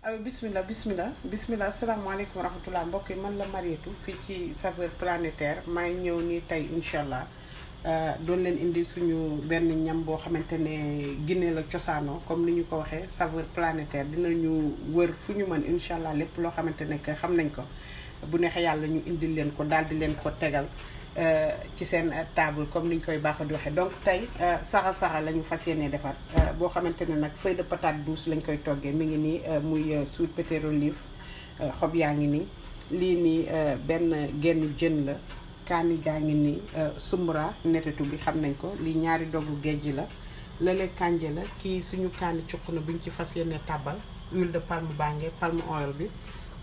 aw bismillah bismillah bismillah asalaamaaleykum wa rahmatulah mbokk yi man la Marietou fii ci saveur planétaire maa ngi ñëw nii tey incha allah euh, doon leen indi suñu benn ñam boo xamante ne ginnee la cosaanoo comme ni ñu ko waxee saveur planétaire dinañu wër fu ñu mën incha allah lépp loo xamante ne que xam nañ ko. bu neexee yàlla ñu indil leen ko daal di leen ko tegal euh, ci seen table comme ni koy baaxoo di waxee donc tey euh, saxa saxa la ñu fas yéene defar euh, boo xamante ne nag feuille de patate douce lañ koy toggee mu ngi nii muy sweet potato leaf xob yaa ngi nii lii nii benn génn jën la kaani gaa ngi nii sumbra netetu bi xam nañ ko lii ñaari doggu géej la lële kànje la kii suñu kaani cuq na bu ñu ci fas yéene tàbbal huile de palme baa ngi oil bi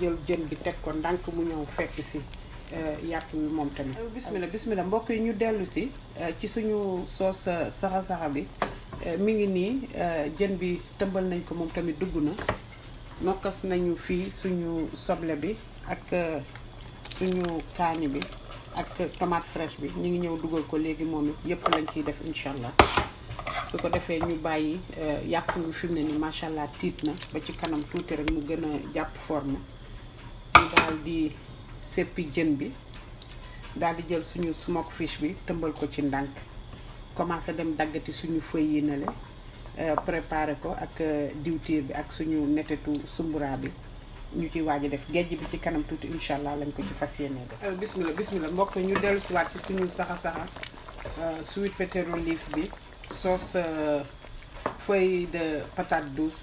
jël jën bi teg ko ndànk mu ñëw fekk si euh, yàpp bi moom tamit euh, bismillah bismillah mbokk yi ñu dellu si euh, ci suñu soos saxa bi mi ngi nii jën bi tëmbal nañ ko moom tamit dugg na nokkas nañu fii suñu soble bi ak suñu kaani bi ak tomate fraîche bi ñu ngi ñëw dugal ko léegi moom yëpp lañ ciy def incha allah su ko defee ñu bàyyi yàpp bi fi mu ne nii macha allah tiit na ba ci kanam tuuti rek mu gën a jàpp forme daal di seppi jën bi daal di jël suñu smoke fish bi tëmbal ko ci ndànk commencé dem daggati suñu feuilles yi nale euh, préparé ko ak euh, diwtiir bi ak suñu netetu sumbura bi ñu ci waaj a def gejj bi ci kanam tuuti incha allah lañ ko ci fas yéenee def. Euh, bismillah bismillah mbokk ñu dellu si waat ci suñu saxa saxa sweet potato bi sauce feuille de patate douce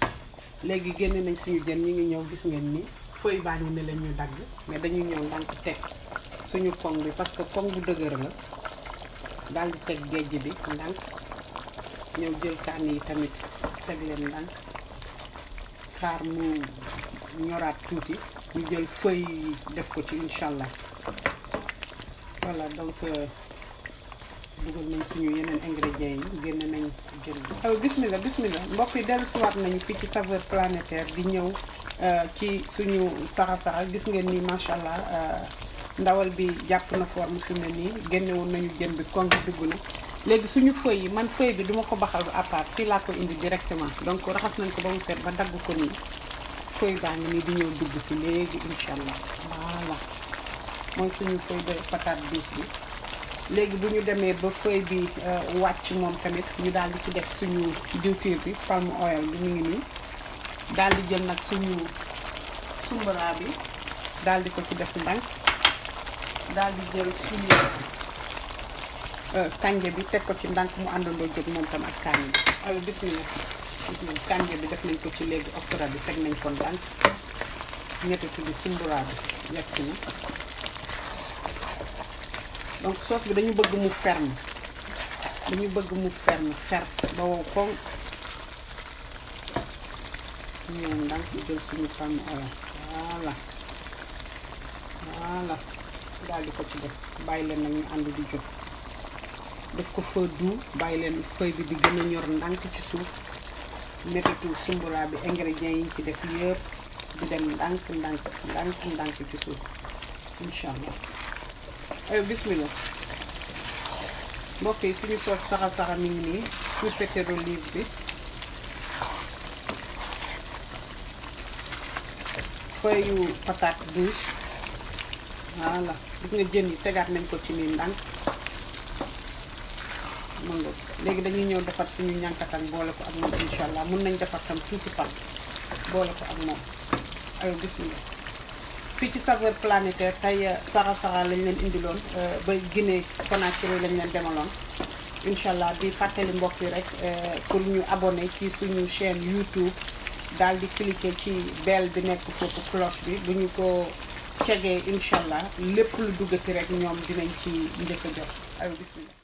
léegi génne nañ suñu jën ñi ngi ñëw gis ngeen nii feuille baa ngi ne la ñuy dagg mais dañuy ñëw ndànk teg suñu pom bi parce que pom bu dëgër la daal di teg géej bi ndànk ñëw jël kaan yi tamit teg leen ndànk xaar mu ñoraat tuuti ñu jël feuille yi def ko ci incha allah voilà donc euh, dugal nañ suñu yeneen ingrédients yi génn nañ jël bi. Oh, bismillah bismillah mbokk yi dellusiwaat nañu fii ci saveur planétaire di ñëw. Euh, ci suñu saxa saxa gis ngeen nii macha allah euh, ndawal bi jàpp na forme fi mu ne nii génne woon nañu jën bi kongi dugg na léegi suñu feuille yi man feuille bi duma ko baxal à part fii laa ko indi directement donc raxas nañ ko ba mu set ba dagg ko nii feuille baa ngi nii di ñëw dugg si léegi incha allah voilà mooy suñu feuille de patate douce bi léegi bu ñu demee ba feuille bi euh, wàcc moom tamit ñu daal di ci def suñu diwtiir bi palme oil bi mu ngi nii daldi jël nag suñu sumbala bi daldi ko ci def ndànk daal di jël suñu euh, kànja bi teg ko ci ndànk mu àndandoo jóg moom tam ak kànja bi alors bismillah bismillah bi def nañ ko ci léegi okra bi teg nañ ko ndànk ñetti tuddi sumbala bi yegg si na donc sauce bi dañu bëgg mu ferme dañu bëgg mu ferme fer ba wow koŋ ñëw ndànk jël suñu di ko ci leen nag di def ko feu doux bàyyi leen feuille bi ndànk ci suuf méttitu sumbulaa bi ingrédients yi ñu ci def yëpp di dem ndànk ndànk ci suuf incha allah ayo bismillah mbokk suñu soos saxa saxa mi ngi nii suñu pétrole live bi feuille yu patate douce voilà gis nga jën yi tegaat nañ ko ci nii ndànk mën nga léegi dañuy ñëw defar suñu ñànkatan boole ko am moom allah mun nañ defar tam tuuti fan boole ko ak moom ayo bismillah fii ci saveur planétaire tey euh, sara sara lañ leen indiloon euh, ba Guinée Conakry lañ leen demaloon incha allah di fàttali mbokk yi rek euh, pour ñu abonné ci suñu chaîne YouTube daal di cliquer ci belle bi nekk foofu cloche bi bu ñu ko cegee incha allah lépp lu duggati rek ñoom dinañ ci njëkk a jot ayo bismillah